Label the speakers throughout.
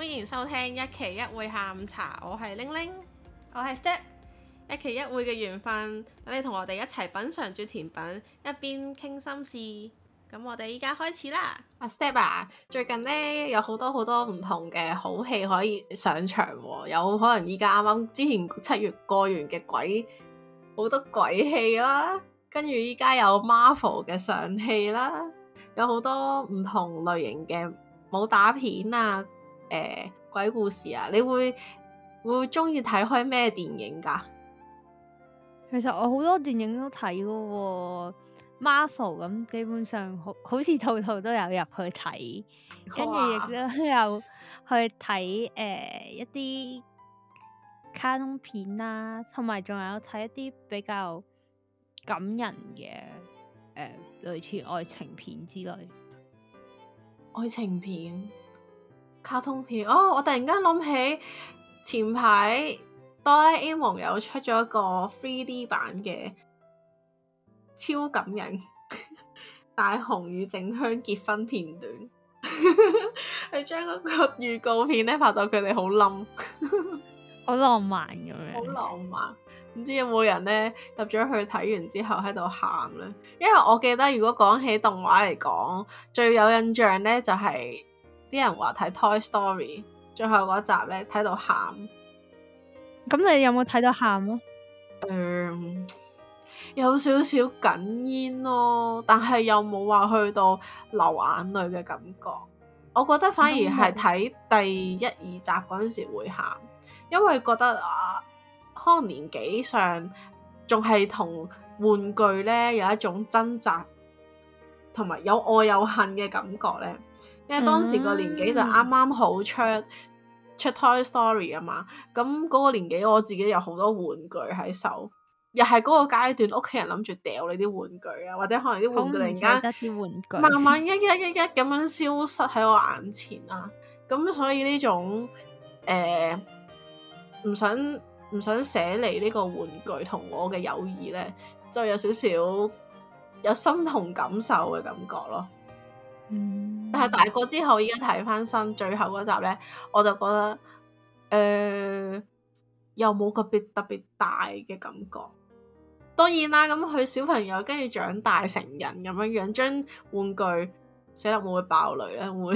Speaker 1: 歡迎收聽一期一會下午茶，我係玲玲，我係 Step，一期一會嘅緣分，等你同我哋一齊品嘗住甜品，一邊傾心事。咁我哋依家開始啦。阿 Step 啊，最近呢有很多很多好多好多唔同嘅好戲可以上場、啊，有可能依家啱啱之前七月過完嘅鬼好多鬼戲啦、啊，跟住依家有 Marvel 嘅上戲啦、啊，有好多唔同類型嘅武打片啊。誒、呃，鬼故事啊，你會會中意睇開咩電影㗎？
Speaker 2: 其實我好多電影都睇㗎喎，Marvel 咁基本上好好似套套都有入去睇，跟住亦都有去睇誒、呃、一啲卡通片啦、啊，同埋仲有睇一啲比較感人嘅誒、呃，類似
Speaker 1: 愛情片之類，愛情片。卡通片哦！Oh, 我突然間諗起前排《哆啦 A 夢》有出咗一個 3D 版嘅超感人《大雄與靜香結婚片段》，佢將嗰個預告片咧拍到佢哋好冧，好 浪漫咁樣，好浪漫。唔知有冇人咧入咗去睇完之後喺度喊咧？因為我記得如果講起動畫嚟講，最有印象咧就係、是。啲人話睇《Toy Story》最後嗰集咧睇到喊，
Speaker 2: 咁你有冇睇到喊咧？嗯，
Speaker 1: 有少少哽咽咯，但係又冇話去到流眼淚嘅感覺。我覺得反而係睇第一， 第一二集嗰陣時會喊，因為覺得啊，可能年紀上仲係同玩具咧有一種掙扎，同埋有愛有恨嘅感覺咧。因為當時個年紀就啱啱好出、mm. 出 Toy Story 啊嘛，咁嗰個年紀我自己有好多玩具喺手，又係嗰個階段屋企人諗住掉你啲玩具啊，或者可能啲玩具突然間慢慢一一一一咁樣消失喺我眼前啊，咁 所以呢種誒唔想、呃、唔想捨離呢個玩具同我嘅友誼咧，就有少少有身同感受嘅感覺咯，嗯。Mm. 但係大個之後，依家睇返新最後嗰集咧，我就覺得誒、呃，又冇特別特別大嘅感覺。當然啦，咁佢小朋友跟住長大成人咁樣樣，將玩具洗落木會爆雷啦，會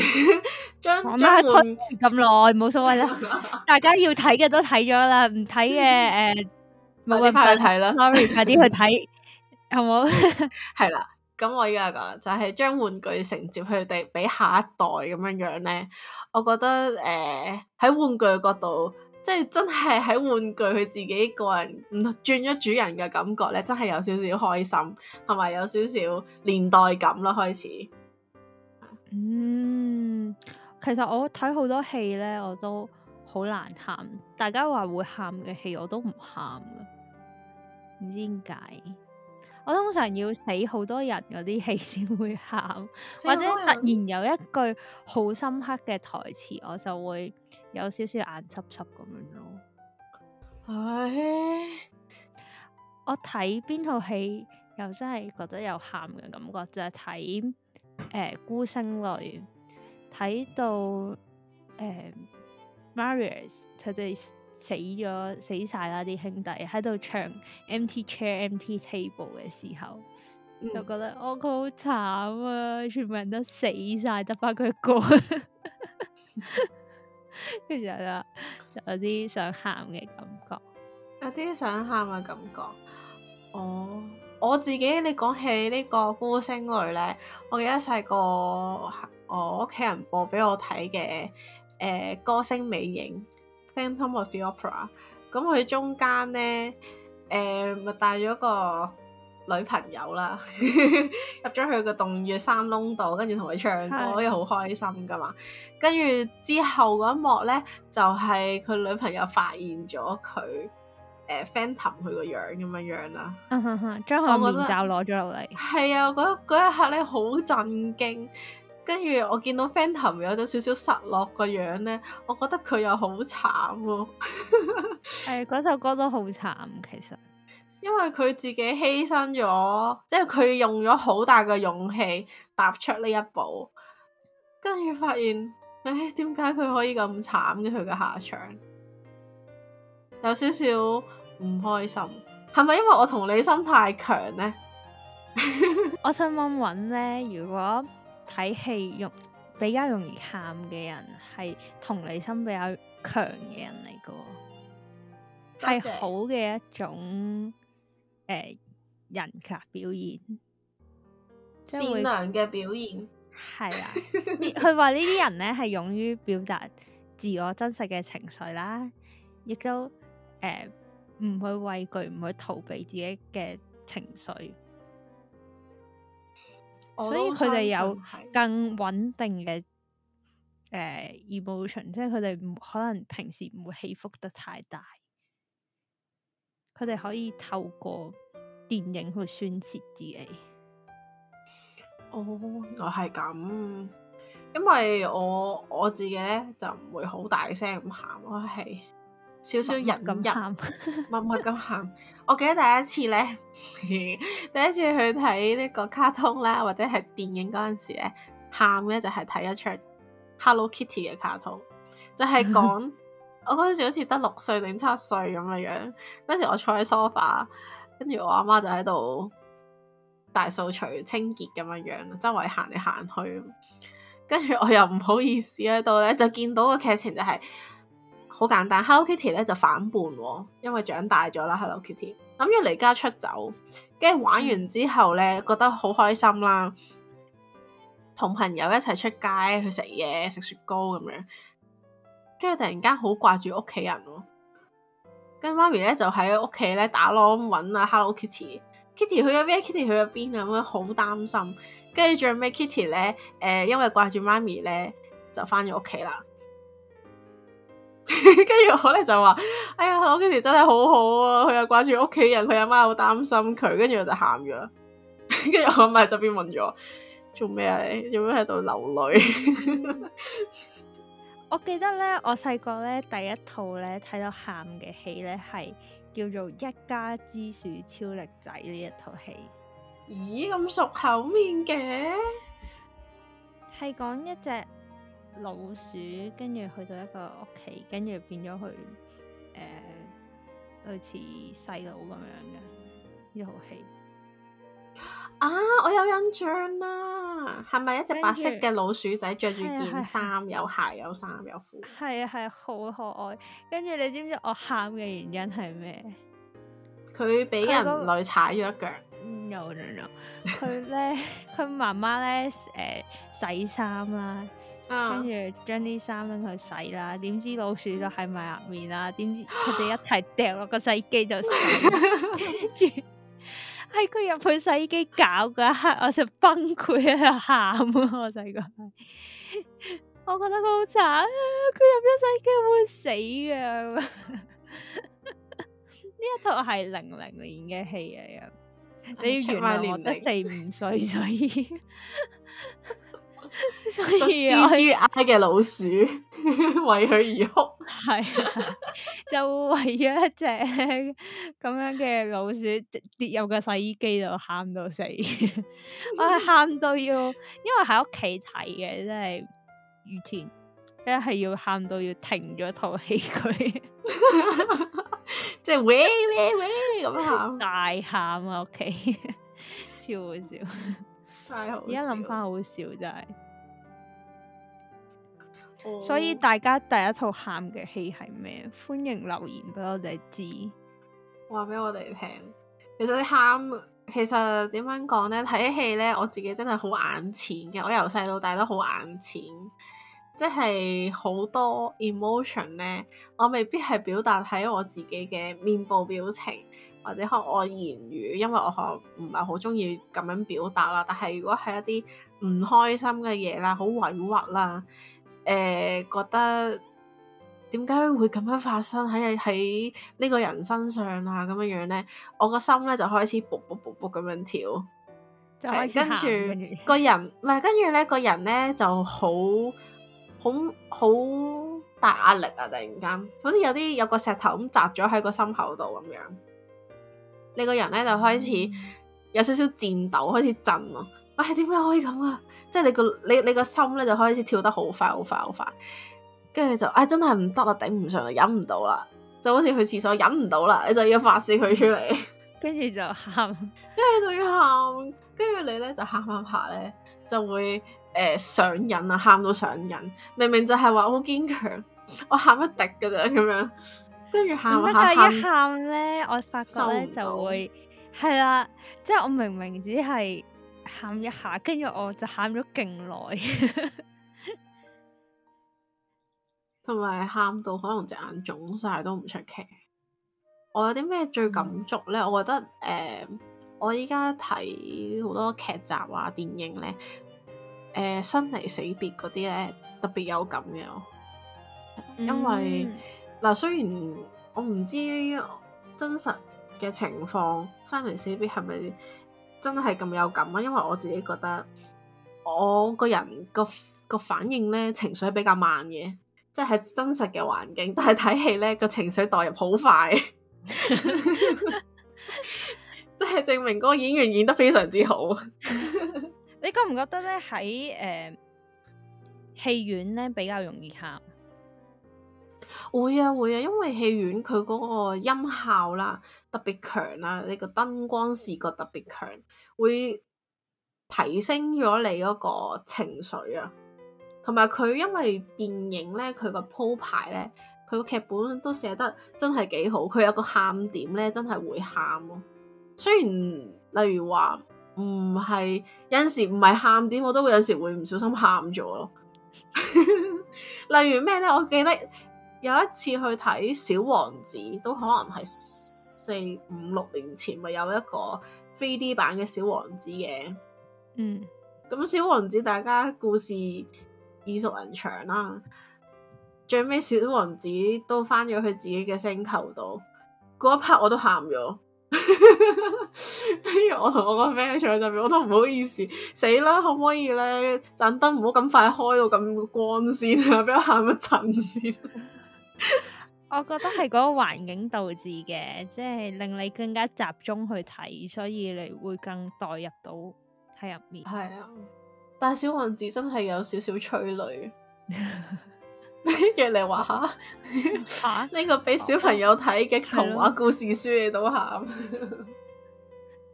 Speaker 1: 將
Speaker 2: 咁耐冇所謂啦。媽媽 大家要睇嘅都睇咗啦，唔睇嘅誒，冇問題睇啦。快啲去睇，好冇？
Speaker 1: 係啦。好。咁我依家講就係、是、將玩具承接佢哋俾下一代咁樣樣咧，我覺得誒喺、呃、玩具嘅角度，即係真係喺玩具佢自己個人轉咗主人嘅感覺咧，真係有少少開心，同埋有少少年代感咯。開始，
Speaker 2: 嗯，其實我睇好多戲咧，我都好難喊。大家話會喊嘅戲，我都唔喊噶，唔知點解。我通常要死好多人嗰啲戲先會喊，或者突然有一句好深刻嘅台詞，我就會有少少眼濕濕咁樣咯。唉、哎，我睇邊套戲又真係覺得有喊嘅感覺，就係睇誒孤星淚，睇到 Marius，佢哋，呃死咗死晒啦！啲兄弟喺度唱《MT Chair MT Table》嘅時候，就、嗯、覺得我佢、哦、好慘啊！全部人都死晒，得翻佢一個，
Speaker 1: 跟 住就是、有啲想喊嘅感覺，有啲想喊嘅感覺。哦，我自己你講起個呢個孤星淚咧，我記得細個我屋企人播俾我睇嘅誒《歌聲魅影》。Phantom of the Opera》呃，咁佢中間咧，誒，咪帶咗個女朋友啦，入咗去個洞穴山窿度，跟住同佢唱歌，又好是開心噶嘛。跟住之後嗰一幕咧，就係、是、佢女朋友發現咗佢，誒、呃、Phantom 佢個樣咁樣樣啦，將個、uh huh huh, 面罩攞咗落嚟。係啊，嗰一刻咧，好震驚。跟住我見到 Fanta 有咗少少失落個樣呢，我覺得佢又好慘喎。嗰首歌都好慘，其實，因為佢自己犧牲咗，即係佢用咗好大嘅勇氣踏出呢一步，跟住發現，唉、哎，點解佢可以咁慘嘅佢嘅下場？有少少唔開心，係咪因為我同理心太強呢？ 我想問一問
Speaker 2: 咧，如果？睇戲用比較容易喊嘅人，係同理心比較強嘅人嚟㗎，係謝好嘅一種誒、呃、人格表現，善良嘅表現係啊。佢話 呢啲人咧係勇於表達自我真實嘅情緒啦，亦都誒唔、呃、去畏懼，唔去逃避自己嘅情緒。所以佢哋有更穩定嘅誒、呃、emotion，即係佢哋可能平時唔會起伏得太大，佢哋可以透過電影去宣泄自己。哦，
Speaker 1: 原來係咁，因為我我自己咧就唔會好大聲咁喊開氣。少少人咁喊，默默咁喊。我記得第一次咧， 第一次去睇呢個卡通啦，或者係電影嗰陣時咧，喊咧就係睇一出 Hello Kitty 嘅卡通，就係、是、講 我嗰陣時好似得六歲定七歲咁嘅樣。嗰陣時我坐喺 sofa，跟住我阿媽，媽就喺度大掃除、清潔咁嘅樣，周圍行嚟行去。跟住我又唔好意思喺度咧，就見到個劇情就係、是。好簡單，Hello Kitty 咧就反叛，哦，因為長大咗啦，Hello Kitty 諗住離家出走，跟住玩完之後咧覺得好開心啦，同、嗯、朋友一齊出街去食嘢、食雪糕咁樣，跟住突然間好掛住屋企人咯，跟住媽咪咧就喺屋企咧打攞揾啊 Hello Kitty，Kitty 去咗邊？Kitty 去咗邊啊？咁樣好擔心，跟住最尾 Kitty 咧，誒、呃、因為掛住媽咪咧，就翻咗屋企啦。跟住 我咧就話，哎呀，我幾時真係好好啊，佢又掛住屋企人，佢阿媽好擔心佢，跟住我就喊咗。跟 住我咪喺側邊問咗，做咩啊？你做咩喺度流淚？
Speaker 2: 我記得咧，我細個咧第一套咧睇到喊嘅戲咧，係叫做《一家之鼠超力仔》呢一套戲。
Speaker 1: 咦？咁熟口面嘅，
Speaker 2: 係講一隻。老鼠跟住去到一個屋企，跟住變咗佢，誒、呃，類似細佬咁樣嘅
Speaker 1: 呢套戲啊！我有印象啦、啊，係咪一隻白色嘅老鼠仔着住件衫，有鞋，有衫，有褲？
Speaker 2: 係啊係，好可愛。跟住你知唔知我喊嘅原因係咩？
Speaker 1: 佢俾人類踩咗一腳。
Speaker 2: No no no，佢咧佢媽媽咧誒洗衫啦。跟住將啲衫拎去洗啦，點知老鼠就喺埋入面啦，點知佢哋一齊掉落個洗衣機就死。跟住喺佢入去洗衣機搞嗰一刻，我就崩潰喺度喊啊！我細個， 我覺得好慘啊！佢入咗洗衣機會死嘅。呢 一套係零零年嘅戲嚟啊！嗯、你原諒我得四
Speaker 1: 五歲，所以。所以 C.G.I 嘅老鼠為佢而哭。
Speaker 2: 係就為咗一隻咁樣嘅老鼠跌入個洗衣機度喊到死， 我係喊到要，因為喺屋企睇嘅真係，以前一係要喊到要停咗套戲佢，即 係 喂喂喂咁喊，大喊啊屋企， 超好笑，
Speaker 1: 太好，而家諗翻好
Speaker 2: 笑，好笑真係。
Speaker 1: Oh. 所以大家第一套喊嘅戲係咩？歡迎留言俾我哋知，話俾我哋聽。其實啲喊，其實點樣講呢？睇戲呢，我自己真係好眼淺嘅。我由細到大都好眼淺，即係好多 emotion 呢，我未必係表達喺我自己嘅面部表情，或者學我言語，因為我可能唔係好中意咁樣表達啦。但係如果係一啲唔開心嘅嘢啦，好委屈啦。誒、呃，覺得點解會咁樣發生喺喺呢個人身上啊？咁樣樣咧，我個心咧就開始噗噗噗噗咁樣跳，就跟住個人，唔係跟住咧個人咧就好好好大壓力啊！突然間，好似有啲有個石頭咁砸咗喺個心口度咁樣，樣，你個人咧就開始有少少顫抖，嗯、開始震咯。唉，點解、哎、可以咁啊？即係你個你你個心咧就開始跳得好快好快好快，跟住就唉、哎，真係唔得啦，頂唔上啦，忍唔到啦，就好似去廁所忍唔到啦，你就要發洩佢出嚟，跟住就喊，跟住就要喊，跟住你咧就喊下下咧就會誒、呃、上癮啊，喊到上癮，明明就係話好堅強，我喊一滴噶咋咁樣，跟住喊一一
Speaker 2: 喊咧，我發覺咧就會係啦，即係我明明，明只係。喊一下，跟住我
Speaker 1: 就喊咗勁耐，同埋喊到可能隻眼腫晒都唔出奇。我有啲咩最感觸呢？嗯、我覺得誒、呃，我依家睇好多劇集啊、電影呢，誒、呃，生離死別嗰啲呢，特別有感嘅，因為嗱、嗯啊，雖然我唔知真實嘅情況，生離死別係咪？真係咁有感啊！因為我自己覺得我個人個個反應咧，情緒比較慢嘅，即係真實嘅環境，但係睇戲咧，個情緒代入好快，即 係 證明嗰個演員演得非常之好。
Speaker 2: 你覺唔覺得咧喺誒戲院咧比較容易喊？
Speaker 1: 會啊，會啊，因為戲院佢嗰個音效啦，特別強啦，你個燈光視覺特別強，會提升咗你嗰個情緒啊。同埋佢因為電影咧，佢個鋪排咧，佢個劇本都寫得真係幾好。佢有個喊點咧，真係會喊咯、啊。雖然例如話唔係有陣時唔係喊點，我都會有時會唔小心喊咗咯。 例如咩咧？我記得。有一次去睇《小王子》，都可能係四五六年前咪有一個 3D 版嘅《小王子》嘅，嗯，咁《小王子》大家故事耳熟能詳啦。最尾《小王子》都翻咗佢自己嘅星球度，嗰一 part 我都喊咗，跟 住我同我個 friend 坐喺上面，我都唔好意思，死啦，可唔可以咧盞燈唔好咁快開到咁光先啊，俾我喊一陣先。
Speaker 2: 我覺得係嗰個環境導致嘅，即係令你更加集中去睇，所以你會更代入到喺入面。係 啊，
Speaker 1: 但小王子真係有少少催淚。 你話下吓呢個俾小朋友睇嘅童話故事書，你都喊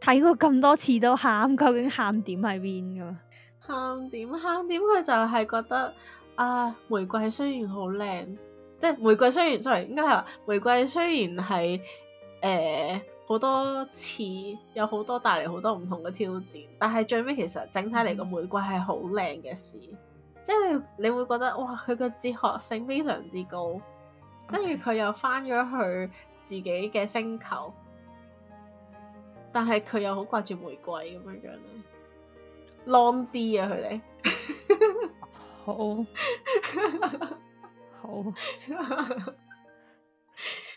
Speaker 2: 睇 過咁多次都喊，究竟喊點喺邊噶？
Speaker 1: 喊點喊點？佢就係覺得啊，玫瑰雖然好靚。即係玫瑰雖然 sorry 應該係話玫瑰雖然係誒好多次有好多帶嚟好多唔同嘅挑戰，但係最尾其實整體嚟個玫瑰係好靚嘅事，即係你，你會覺得哇佢個哲學性非常之高，跟住佢又翻咗去自己嘅星球，但係佢又好掛住玫瑰咁樣樣啦，long 啲啊佢哋 好。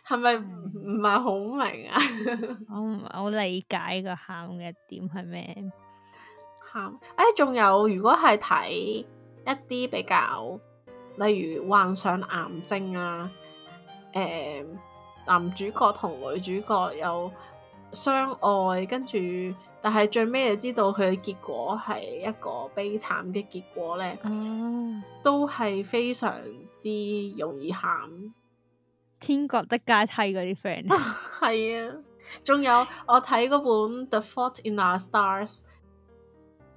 Speaker 1: 係咪唔係好明啊？
Speaker 2: 我唔係好理解個喊嘅點係咩
Speaker 1: 喊？誒，仲、哎、有如果係睇一啲比較，例如患上癌症啊，誒、呃，男主角同女主角有，相愛，跟住，但係最尾就知道佢嘅結果係一個悲慘嘅結果咧，啊、都係非常之容易喊。天國的階梯嗰啲 friend，係啊，仲有我睇嗰本《The Fault in Our Stars》，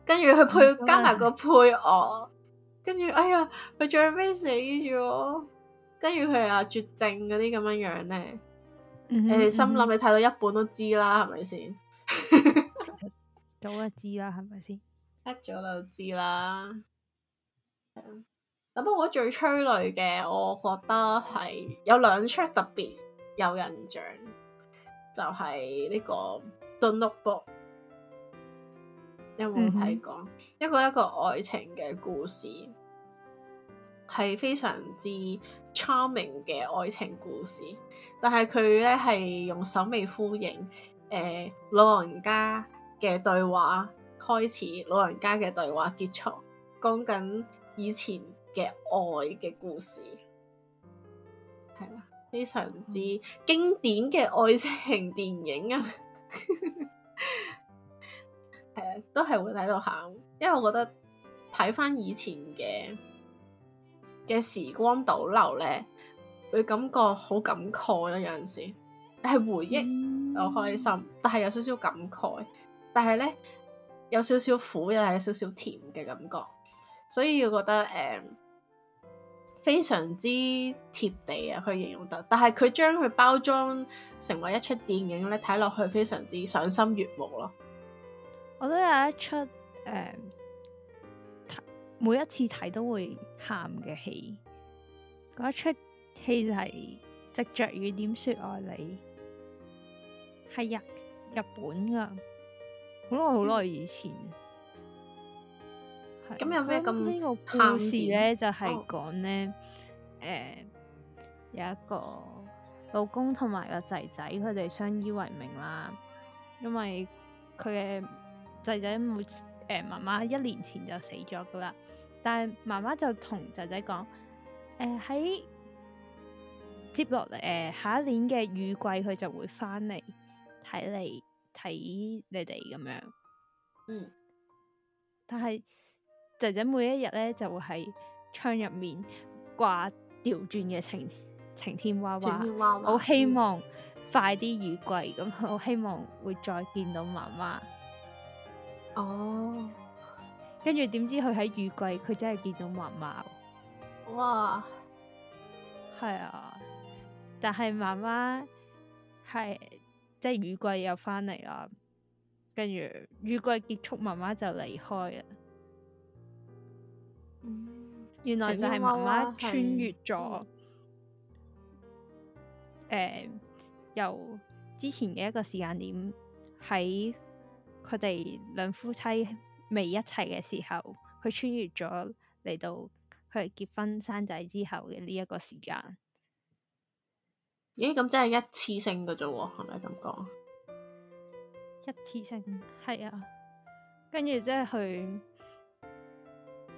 Speaker 1: 跟住佢配加埋個配樂，跟住哎呀，佢最尾死咗，跟住佢又絕症嗰啲咁樣樣咧。你哋心諗，你睇到一半都知啦，係咪先？Hmm. 是不是 早一知啦，係咪先？一早就知啦。咁我最催淚嘅，我覺得係有兩出特別有印象，就係、是、呢、這個《The Notebook》，有冇睇過？Mm hmm. 一個一個愛情嘅故事。係非常之 charming 嘅愛情故事，但係佢咧係用首尾呼應，誒、呃、老人家嘅對話開始，老人家嘅對話結束，講緊以前嘅愛嘅故事，係啦，非常之經典嘅愛情電影啊，誒 都係會睇到喊，因為我覺得睇翻以前嘅。嘅時光倒流咧，會感覺好感慨咯。有陣時係回憶又開心，但係有少少感慨，但係咧有少少苦，又係有少少甜嘅感覺。所以我覺得誒、嗯、非常之貼地啊，佢形容得。但係佢將佢包裝成為一出電影咧，睇落去非常之賞心悅目咯。我都有一出誒，嗯
Speaker 2: 每一次睇都會喊嘅戲，嗰一出戲就係《借著雨點説愛你》，係日日本噶，好耐好耐以前。咁 吧有咩咁？呢個故事咧就係講咧，誒、oh. 呃、有一個老公同埋個仔仔佢哋相依為命啦，因為佢嘅仔仔每，誒媽媽一年前就死咗噶啦。但係媽媽就同仔仔講，誒、呃、喺接落嚟誒下一年嘅雨季佢就會翻嚟睇你睇你哋咁樣，嗯。但係仔仔每一日咧就會喺窗入面掛調轉嘅晴晴天娃娃，好希望快啲雨季咁，我希望會再見到媽媽。哦。跟住點知佢喺雨季，佢真係見到媽媽喎！哇，係啊！但係媽媽係即係雨季又返嚟啦。跟住雨季結束，媽媽就離開啦。嗯，原來就係媽媽穿越咗誒，呃呃，由之前嘅一個時間點喺佢哋兩夫妻。未一齊嘅時候，佢穿越咗嚟到佢結婚生仔之後嘅呢一個時間。
Speaker 1: 咦、欸，咁真係一次性㗎啫喎，係咪咁講？
Speaker 2: 一次性，係啊，跟住即係佢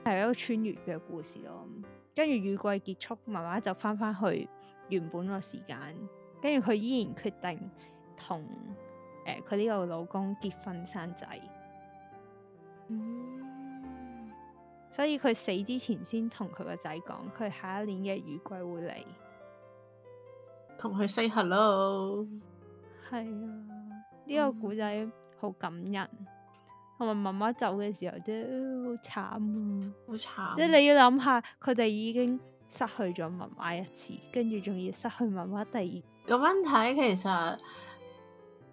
Speaker 2: 係一個穿越嘅故事咯。跟住雨季結束，媽媽就翻返去原本個時間。跟住佢依然決定同誒佢呢個老公結婚生仔。嗯，所以佢死之前先同佢個仔講，佢下一年嘅雨季會嚟，同佢 say hello。係啊，呢個古仔好感人，同埋媽媽走嘅時候都好慘，好慘。即係你要諗下，佢哋已經失去咗媽媽一次，
Speaker 1: 跟住仲要失去媽媽第二。咁樣睇，其實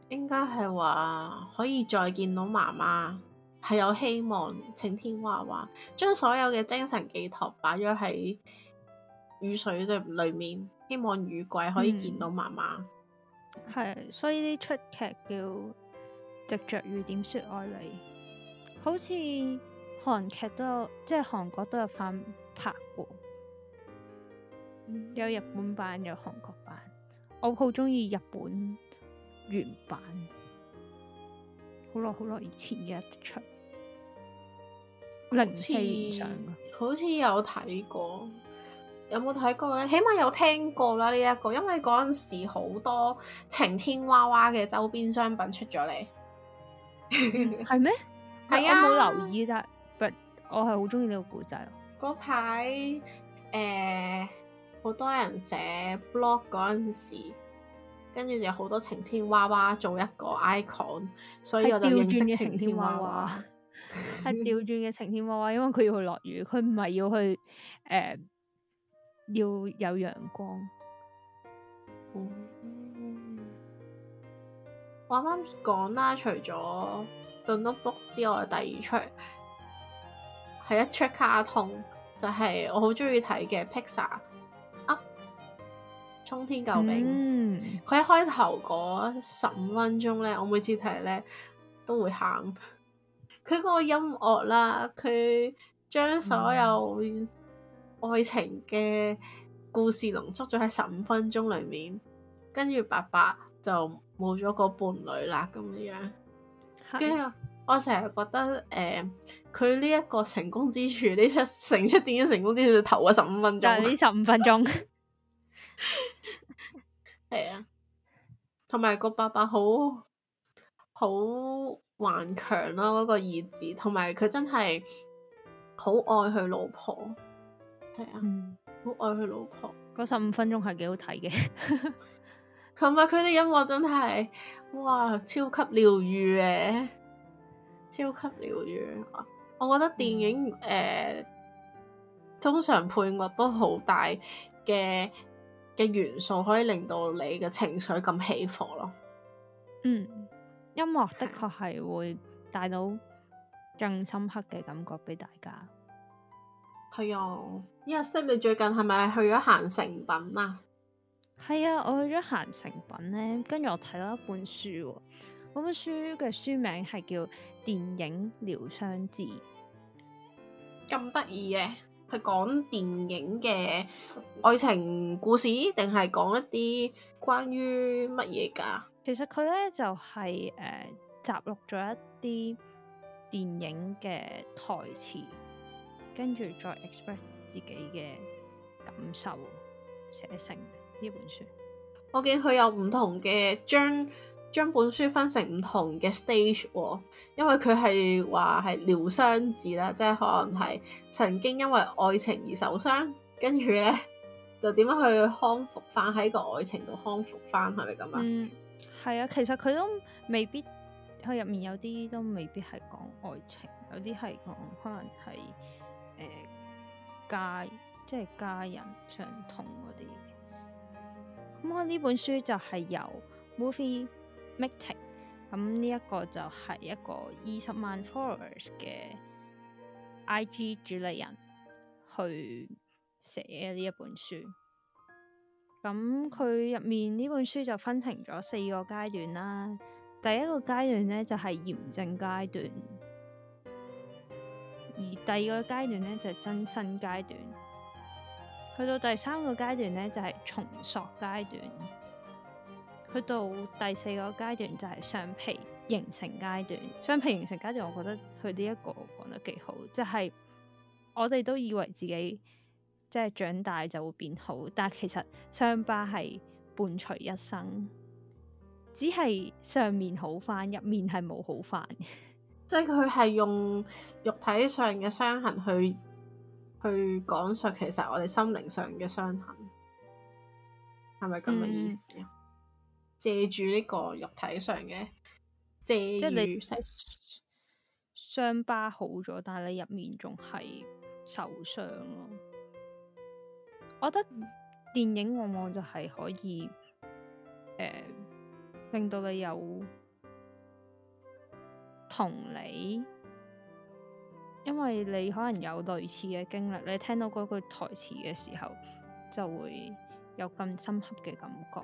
Speaker 1: 應該係話可以再見到媽媽。係有希望，晴天娃娃將所有嘅精神寄託擺咗喺雨水裏裏面，希望雨季可以見到媽媽。係、嗯，所以呢出劇叫
Speaker 2: 《直着雨點説愛你》，好似韓劇都有，即係韓國都有翻拍過，有日本版有韓國版。我好中意日本原版，
Speaker 1: 好耐好耐以前嘅一出。上好似好似有睇過，有冇睇過咧？起碼有聽過啦呢一個，因為嗰陣時好多晴天娃娃嘅周邊商品出咗嚟。係咩？係啊，冇留意，但，but 我
Speaker 2: 係好中意呢個古仔。
Speaker 1: 嗰排誒，好、呃、多人寫 blog 嗰陣時，跟住有好多晴天娃娃做一個 icon，所以我就認識晴天娃娃。係調轉嘅晴天娃
Speaker 2: 娃，因為佢要去落雨，佢唔係要去誒、呃，要有陽光。
Speaker 1: 嗯、我啱啱講啦，除咗《The Notebook》之外，第二出係一出卡通，就係、是、我好中意睇嘅《Pixar》《Up 沖天救兵》嗯。佢一開頭嗰十五分鐘咧，我每次睇咧都會喊。佢嗰個音樂啦、啊，佢將所有愛情嘅故事濃縮咗喺十五分鐘裏面，跟住爸爸就冇咗個伴侶啦，咁樣樣。跟住是我成日覺得，誒、呃，佢呢一個成功之處，呢出成出電影成功之處，就頭嗰十五分鐘。呢十五分鐘。係啊，同埋個爸爸好好。頑強咯，嗰、那個意志，同埋佢真係好愛佢老婆，係啊，好、嗯、愛佢老婆。嗰十五分鐘係幾好睇嘅。琴日佢哋音樂真係，哇，超級療愈嘅，超級療愈。我覺得電影誒、呃，通常配樂都好大嘅嘅元素，可以令到你嘅情緒咁起伏咯。嗯。
Speaker 2: 音樂的確係會帶到更深刻嘅感覺俾大家。
Speaker 1: 係啊、哦，阿息，你最近係咪去咗行誠品啊？係啊，我去咗行誠品咧，跟住我睇到一本書、啊。
Speaker 2: 嗰本書嘅書名係叫《電影療傷誌》，
Speaker 1: 咁得意嘅係講電影嘅愛情故事，定係講一啲關於乜嘢㗎？其實佢咧就係、
Speaker 2: 是、誒、呃、集錄咗一啲電影嘅台詞，跟住再 express 自己嘅感受寫
Speaker 1: 成呢本書。我見佢有唔同嘅將將本書分成唔同嘅 stage、哦、因為佢係話係療傷字啦，即係可能係曾經因為愛情而受傷，跟住咧就點樣去康復翻喺個愛情度康復翻，係咪咁啊？嗯係啊，其實佢都未
Speaker 2: 必，佢入面有啲都未必係講愛情，有啲係講可能係誒、呃、家，即係家人長痛嗰啲。咁我呢本書就係由 movie making 咁、嗯、呢、這個、一個就係一個二十萬 followers 嘅 IG 主理人去寫呢一本書。咁佢入面呢本書就分成咗四個階段啦。第一個階段咧就係炎症階段，而第二個階段咧就係增生階段，去到第三個階段咧就係、是、重塑階段，去到第四個階段就係上皮形成階段。上皮形成階段，我覺得佢呢一個講得幾好，就係、是、我哋都以為自己。即係長大就會變好，但係其實傷疤係伴隨一生，只係上面好
Speaker 1: 翻，入面係冇好翻嘅。即係佢係用肉體上嘅傷痕去去講述，其實我哋心靈上嘅傷痕係咪咁嘅意思啊？借住呢個肉體上嘅，
Speaker 2: 借住即係你傷疤好咗，但係你入面仲係受傷咯。我覺得電影往往就係可以、呃，令到你有同理，因為你可能有類似嘅經歷，你聽到嗰句台詞嘅時候，就會有更深刻嘅感覺。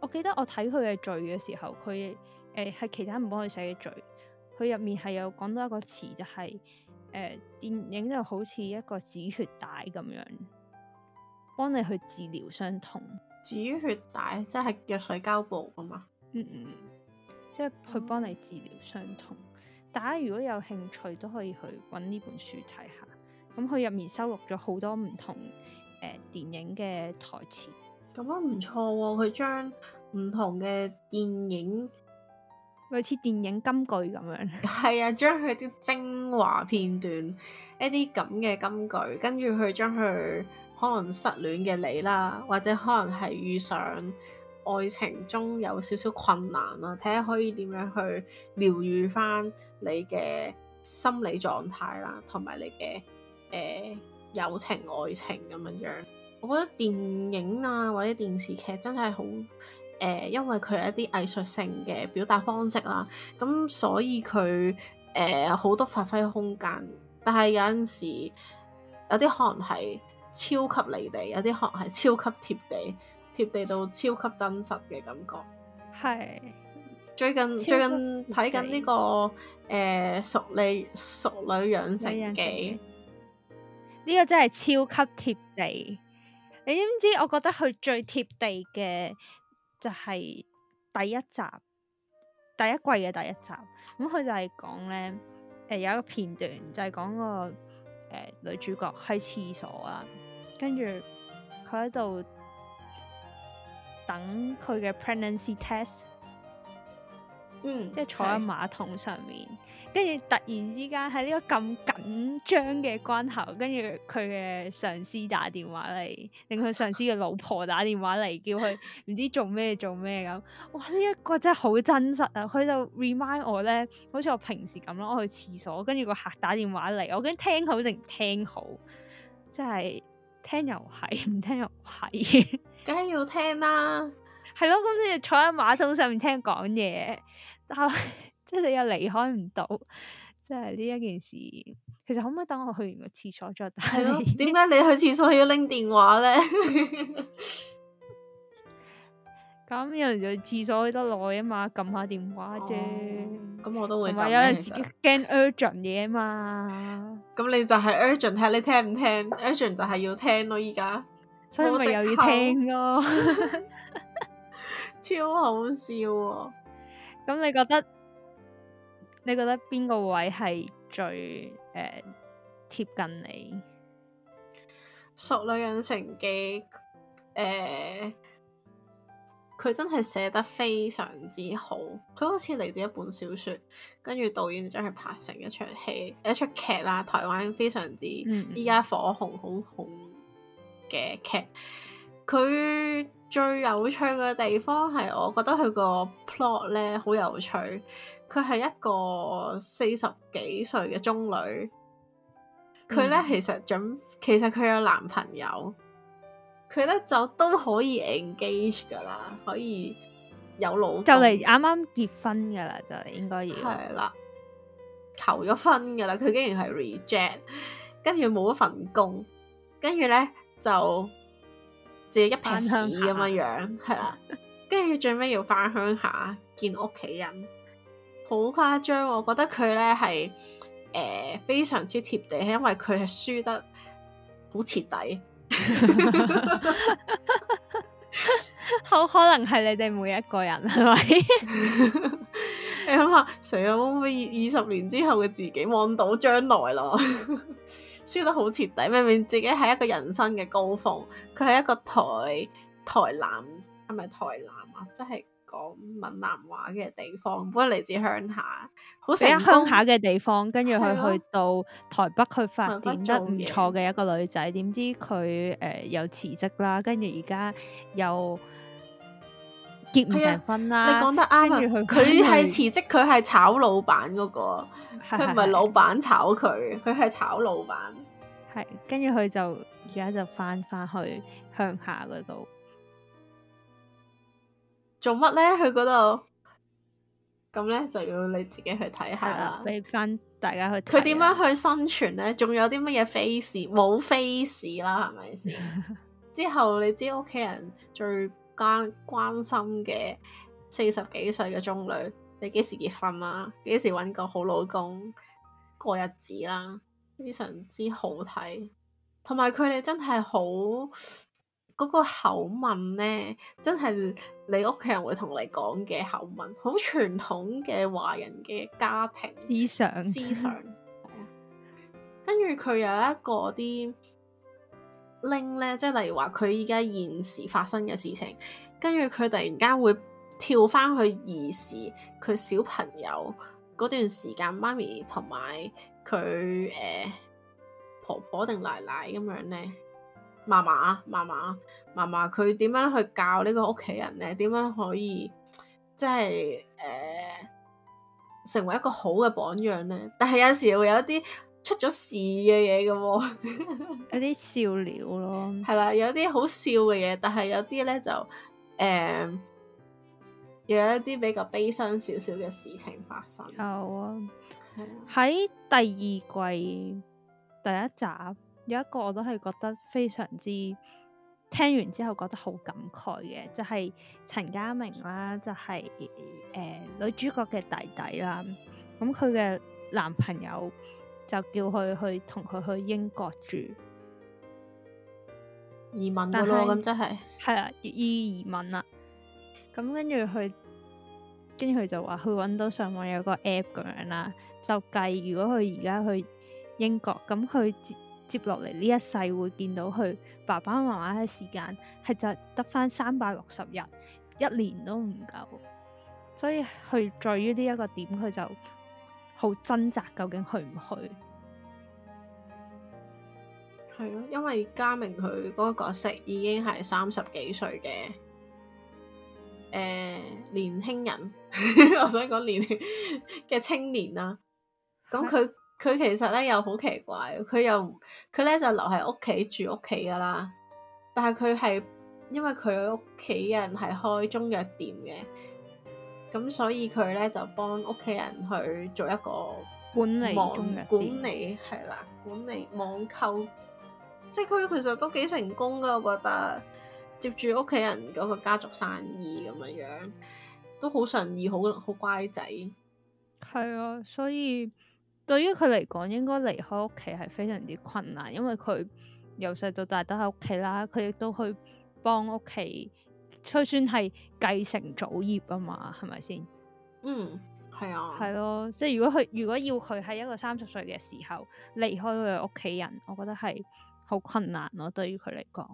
Speaker 2: 我記得我睇佢嘅序嘅時候，佢誒係其他唔幫佢寫嘅序，佢入面係有講到一個詞就係、是。誒、呃、電影就好似一個止血帶咁樣，幫你去治療傷痛。止血帶即係藥水膠布㗎嘛？嗯嗯，即係去幫你治療傷痛。大家如果有興趣，都可以去揾呢本書睇下。咁佢入面收錄咗好多唔同誒、呃、電影嘅台詞。
Speaker 1: 咁樣唔錯喎、哦，佢將唔同嘅電影，類似電影金句咁樣、 嗯，係啊，將佢啲精華片段，一啲咁嘅金句，跟住佢將佢可能失戀嘅你啦，或者可能係遇上愛情中有少少困難啦，睇下可以點樣去療愈返你嘅心理狀態啦，同埋你嘅誒、呃、友情、愛情咁樣樣，我覺得電影啊或者電視劇真係好。誒，因為佢係一啲藝術性嘅表達方式啦，咁所以佢誒好多發揮空間。但係有陣時有啲可能係超級離地，有啲可能係超級貼地，貼地到超級真實嘅感覺。係是最近最近睇緊呢個誒《熟、呃、熟女養成記》，呢個真係超級貼地。
Speaker 2: 你知唔知？我覺得佢最貼地嘅。就係第一集第一季嘅第一集，咁佢、嗯、就係講呢，誒、呃、有一個片段就係、是、講、那個誒、呃、女主角喺廁所啊，跟住佢喺度等佢嘅 pregnancy test。嗯，即係坐喺馬桶上面，跟住的突然之間喺呢個咁緊張嘅關頭，跟住佢嘅上司打電話嚟，令佢上司嘅老婆打電話嚟，叫佢唔知做咩做咩咁。哇！呢、這、一個真係好真實啊！佢就 remind 我咧，好似我平時咁咯，我去廁所，跟住個客打電話嚟，我究竟聽好定唔聽好？即係聽又係，唔聽又係，梗係要聽啦、啊。係咯、 嗯，咁你坐喺馬桶上面聽講嘢。即係你又離開唔到，即係呢一件事。其實可唔可以等我去完個廁所再打？係咯。點解你去廁所
Speaker 1: 要拎電話咧？
Speaker 2: 咁有陣時去廁所去得耐啊嘛，撳下電話啫。咁、oh, 我都會撳嘅，
Speaker 1: 驚 urgent 嘢啊嘛。咁 你就係 urgent 睇、聽，你聽唔聽？urgent 就係要聽咯，依家，
Speaker 2: 所以咁咪又要聽咯。
Speaker 1: 超好笑、啊。
Speaker 2: 咁你覺得你覺得邊個位係最誒、呃、
Speaker 1: 貼近你《俗女養成記》誒、呃，佢真係寫得非常之好，佢好似嚟自一本小説，跟住導演將佢拍成一場戲，一出劇啦。台灣非常之依家火紅，好紅嘅劇，佢、嗯。最有趣嘅地方係，我覺得佢個 plot 咧好有趣。佢係一個四十幾歲嘅中女，佢咧、嗯、其實准，其實佢有男朋友，佢咧就都可以 engage 噶啦，可以有老公就嚟啱啱結婚噶啦，就應該要係啦，求咗婚噶啦，佢竟然係 reject，跟住冇咗份工，跟住咧就。嗯自己一撇屎咁樣樣，係啦，跟住最尾要返鄉下見屋企人，好誇張，我覺得佢咧係誒非常之貼地，係因為佢係輸得好徹底，好 可能係你哋每一個人係咪？你諗下，成日會唔會二二十年之後嘅自己望到將來咯？ 輸得好徹底，明明自己係一個人生嘅高峰，佢係一個台台南，係咪台南啊？即係講閩南話嘅地方，本來嚟自鄉下，好成功鄉
Speaker 2: 下嘅地方，跟住佢去到台北去發展得唔錯嘅一個女仔，點知佢誒有辭職啦，跟
Speaker 1: 住而家又。結唔成
Speaker 2: 婚啦！你講得啱。佢係辭
Speaker 1: 職，佢係炒老闆嗰個，佢唔係老闆炒佢，佢係炒老闆。係跟住佢就而家
Speaker 2: 就翻翻去鄉下
Speaker 1: 嗰度做乜咧？佢嗰度咁咧就要你自己去睇下啦。你翻大家去睇。佢點樣去生存咧？仲有啲乜嘢 face 冇 face 啦？係咪先？ 之後你知屋企人最～關關心嘅四十幾歲嘅中女，你幾時結婚啊？幾時揾個好老公過日子啦，啊？非常之好睇，同埋佢哋真係好嗰個口吻呢，真係你屋企人會同你講嘅口吻，好傳統嘅華人嘅家庭思想思想，思想 跟住佢有一個啲。拎咧，即係例如話佢依家現時發生嘅事情，跟住佢突然間會跳翻去兒時佢小朋友嗰段時間，媽咪同埋佢誒婆婆定奶奶咁樣咧，嫲嫲、嫲嫲、嫲嫲，佢點樣去教呢個屋企人咧？點樣可以即係誒成為一個好嘅榜樣咧？但係有時會有一啲。出咗事嘅嘢㗎喎，有啲笑料咯，係啦，有啲好笑嘅嘢，但係有啲呢就誒、呃、有一啲比較悲傷少少嘅事情發生。有啊、哦，啊。喺第二季
Speaker 2: 第一集有一個我都係覺得非常之聽完之後覺得好感慨嘅，就係、是、陳家明啦，就係、是、誒、呃、女主角嘅弟弟啦。咁佢嘅男朋友。就叫佢去同佢去英國住移民咯，咁真係係啦，要、就是、移民啦。咁跟住佢，跟住佢就話去搵到上網有個 app 咁樣啦，就計如果佢而家去英國，咁佢接接落嚟呢一世會見到佢爸爸媽媽嘅時間，係就得翻三百六十日，一年都唔夠。所以佢在於呢一個點，佢就。好掙扎，究竟去唔去？
Speaker 1: 係咯，因為嘉明佢嗰個角色已經係三十幾歲嘅，誒、呃、年輕人， 我想講年嘅 青年啦。咁佢佢其實咧又好奇怪，佢又佢咧就留喺屋企住屋企噶啦，但係佢係因為佢屋企人係開中藥店嘅。咁、嗯、所以佢咧就幫屋企人去做一個管理，網管理係啦，管理網購，即係佢其實都幾成功噶，我覺得接住屋企人嗰個家族生意咁樣樣，都好順意，好好乖仔。係啊，所以對於佢嚟講，應該離開屋
Speaker 2: 企係非常之困難，因為佢由細到大都喺屋企啦，佢亦都去幫屋企。就算係繼承祖業啊嘛，係咪先？嗯，係啊，係咯、啊。即係如果佢如果要佢喺一個三十歲嘅時候離開佢屋企人，我覺得係好困難咯、啊。對於佢嚟講，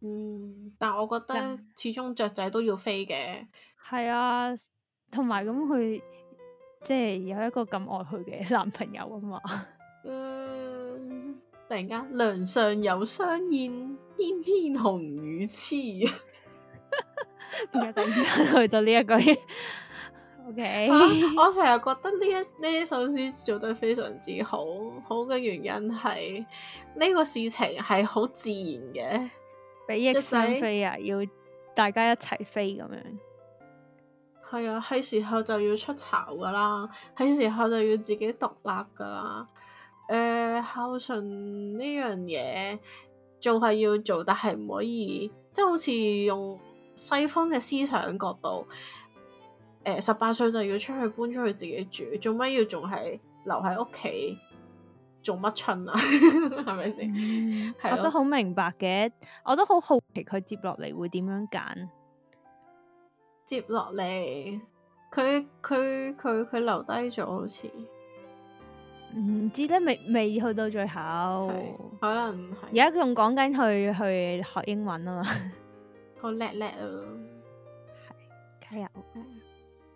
Speaker 1: 嗯，但係我覺得始終雀仔都要飛嘅，係、嗯、啊。同
Speaker 2: 埋咁佢即係有一個咁愛佢嘅男朋友啊嘛。嗯，突
Speaker 1: 然間梁上有雙燕，翩翩雄與雌。突然去到呢一句？OK，、啊、我成日覺得呢一呢一首詩做得非常之好。好嘅原因係呢個事情係好自然嘅，比翼雙飛啊，就是、要大家一齊飛咁樣。係啊，係時候就要出巢噶啦，係時候就要自己獨立噶啦。誒、呃，孝順呢樣嘢做係要做，但係唔可以即係、就是、好似用。西方嘅思想角度，誒、呃，十八歲就要出去搬出去自己住，做乜要仲係留喺屋企做乜春啊？係咪先？係，我都好明白嘅，我都好好奇佢接
Speaker 2: 落嚟會點樣揀。
Speaker 1: 接落嚟，佢佢佢佢留低咗，好似，嗯，唔知咧，未
Speaker 2: 未去到最後，可能係而家佢仲講緊去去學英文啊嘛。
Speaker 1: 好叻叻咯，係，係啊。啊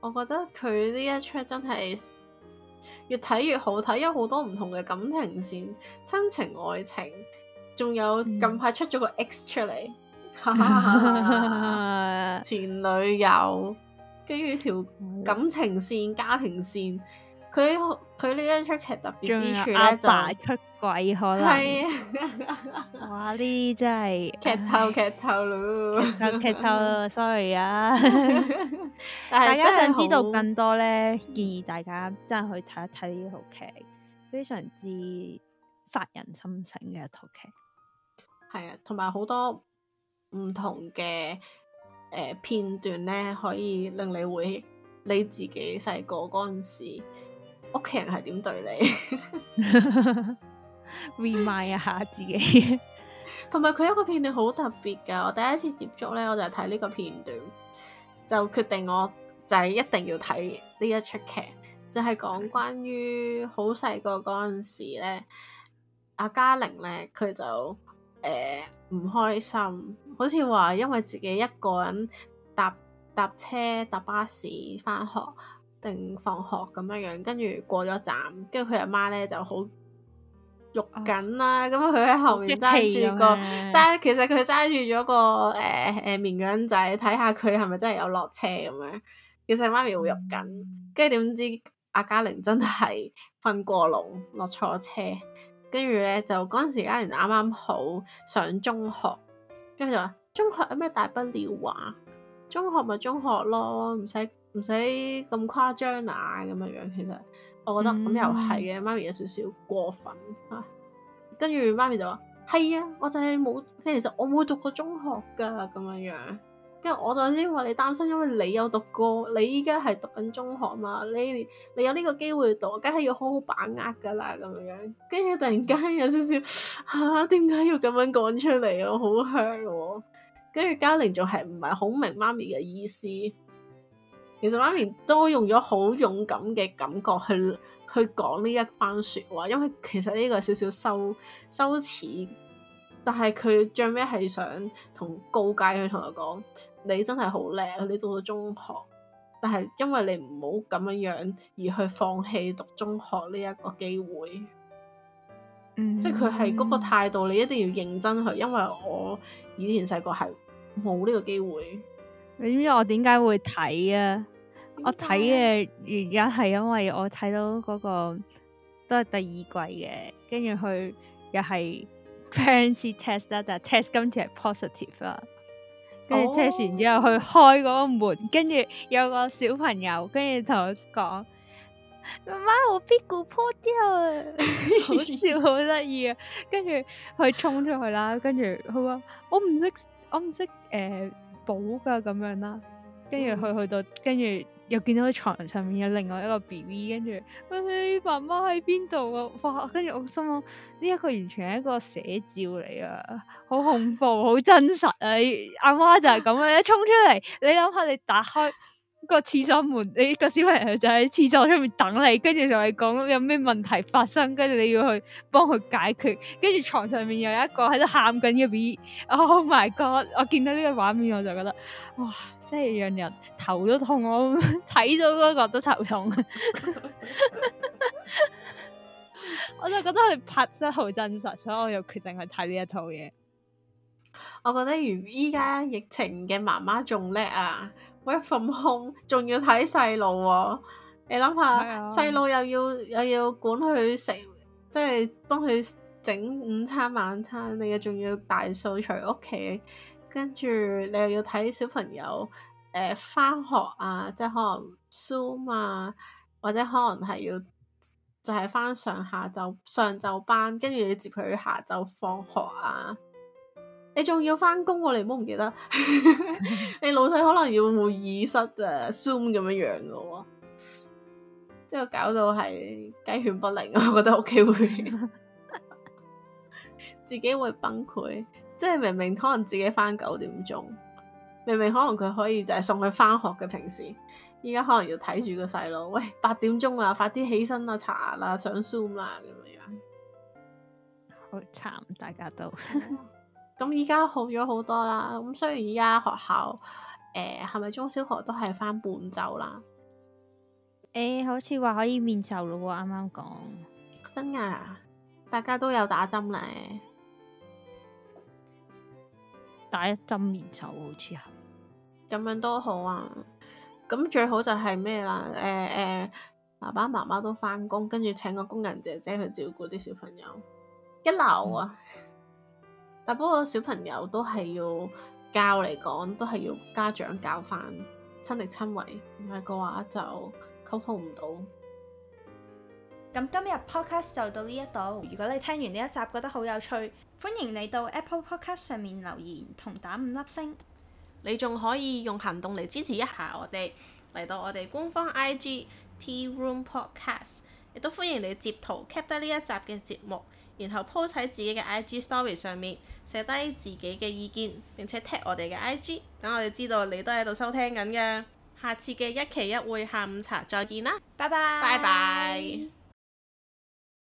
Speaker 1: 我覺得佢呢一出真係越睇越好睇，有好多唔同嘅感情線，親情、愛情，仲有近排出咗個 X 出嚟，前女友，跟住條感情線、家庭線。佢佢呢一出劇特別之處咧，爸爸就
Speaker 2: 出軌
Speaker 1: 可能。係啊！哇，呢啲真係劇透劇
Speaker 2: 透咯！劇透咯 sorry 啊！但係大家想知道更多咧，建議大家真係去睇一睇呢套劇，嗯、非常之
Speaker 1: 發人心省嘅一套劇。係啊，同埋好多唔同嘅誒片段咧，可以令你回憶你自己細個嗰陣時,時。屋企人係點對你？remind 一下自己，同埋佢一個片段好特別噶，我第一次接觸呢，我就係睇呢個片段，就決定我就係一定要睇呢一出劇，就係、是、講關於好細個嗰陣時呢，阿嘉玲呢，佢就誒唔、呃、開心，好似話因為自己一個人搭搭車搭巴士翻學。定放學咁樣樣，跟住過咗站，跟住佢阿媽咧就好喐緊啦。咁佢喺後面揸住個揸，其實佢揸住咗個誒誒綿羊仔，睇下佢係咪真係有落車咁樣。其實媽咪會喐緊，跟住點知阿嘉玲真係瞓過籠落錯車，跟住咧就嗰陣時嘉玲啱啱好上中學，跟住就話中學有咩大不了啊？中學咪中學咯，唔使。唔使咁誇張啊，咁樣樣其實我覺得咁又係嘅，嗯、媽咪有少少過分、嗯、啊。跟住媽咪就話：係啊，我就係冇，其實我冇讀過中學噶，咁樣樣。跟住我就先話你擔心，因為你有讀過，你依家係讀緊中學嘛？你你有呢個機會讀，梗係要好好把握噶啦，咁樣樣。跟住突然間有少少嚇，點、啊、解要咁樣講出嚟啊？好香喎、啊！跟住嘉玲仲係唔係好明媽咪嘅意思？其實媽咪都用咗好勇敢嘅感覺去去講呢一番說話，因為其實呢個係少少羞羞恥，但係佢最尾係想同告誡佢同佢講，你真係好叻，你到咗中學，但係因為你唔好咁樣樣而去放棄讀中學呢一個機會，mm hmm. 即係佢係嗰個態度，你一定要認真去，因為我以前細個係冇呢個機會。你知唔知我點解會睇啊？我睇
Speaker 2: 嘅原因係因為我睇到嗰、嗰個都係第二季嘅，跟住佢又係 fantasy test 啦，但係 test 今次係 positive 啦。跟住 test 完之後去、oh. 開嗰個門，跟住有個小朋友跟住同佢講，媽媽我屁股破掉啊！ 好笑好得意啊！跟住佢衝出去啦，跟住佢話我唔識我唔識誒。呃補噶咁樣啦，
Speaker 1: 跟住佢去
Speaker 2: 到，跟住又見到床上面有另外一個 B B，跟住喂，你爸媽喺邊度啊？哇！跟住我心諗呢一個完全係一個寫照嚟啊，好恐怖，好 真實啊、哎！ 你阿媽就係咁樣一衝出嚟，你諗下你打開。個廁所門，你、欸、個小朋友就喺廁所出面等你，跟住就係講有咩問題發生，跟住你要去幫佢解決，跟住床上面又有一個喺度喊緊嘅 B，Oh my God！我見到呢個畫面我就覺得哇，真係讓人頭都痛，啊，我 睇到都覺得頭痛。我就覺得佢拍
Speaker 1: 得好真實，所以我又決定去睇呢一套嘢。我覺得如依家疫情嘅媽媽仲叻啊！我一份工仲要睇細路喎。你諗下，細路 Yeah. 又要又要管佢食，即係幫佢整午餐晚餐。你又仲要大掃除屋企，跟住你又要睇小朋友誒返學啊，即係可能 Zoom 啊，或者可能係要就係返上下晝上晝班，跟住要接佢下晝放學啊。你仲要翻工，我哋唔好唔記得，你， 你老細可能要會議室誒、啊、 zoom 咁樣樣嘅喎，即係搞到係雞犬不寧，我覺得屋企會 自己會崩潰，即係明明可能自己翻九點鐘，明明可能佢可以就係送佢翻學嘅平時，依家可能要睇住個細路，喂八點鐘啦，快啲起身啦，查啦，上 zoom 啦咁樣樣，好慘，大家都。 咁而家好咗好多啦。咁雖然而家學校誒係咪中小學都係翻半周啦？
Speaker 2: 誒、欸，好似話可以面授咯喎，啱啱講真噶，大
Speaker 1: 家都有打針咧，
Speaker 2: 打一針面授好似啊，
Speaker 1: 咁樣都好啊。咁最好就係咩啦？誒、呃、誒、呃，爸爸媽媽都翻工，跟住請個工人姐姐去照顧啲小朋友，一流啊！嗯不過小朋友都係要教嚟講，都係要家長教翻，親力親為，唔係嘅話就溝通唔到。
Speaker 2: 咁今日
Speaker 1: podcast 就到呢一度，如果你
Speaker 2: 聽完呢一集覺得好有趣，歡迎你到 Apple Podcast 上面留言同打五粒
Speaker 1: 星。你仲可以用行動嚟支持一下我哋，嚟到我哋官方 IG Tea Room Podcast，亦都歡迎你接圖截圖 keep 得呢一集嘅節目。然後 po 喺自己嘅 IG story 上面，寫低自己嘅意見，並且 tag 我哋嘅 IG，等我哋知道你都喺度收聽緊嘅。下次嘅一期一會下午茶，再見啦，拜拜。拜拜。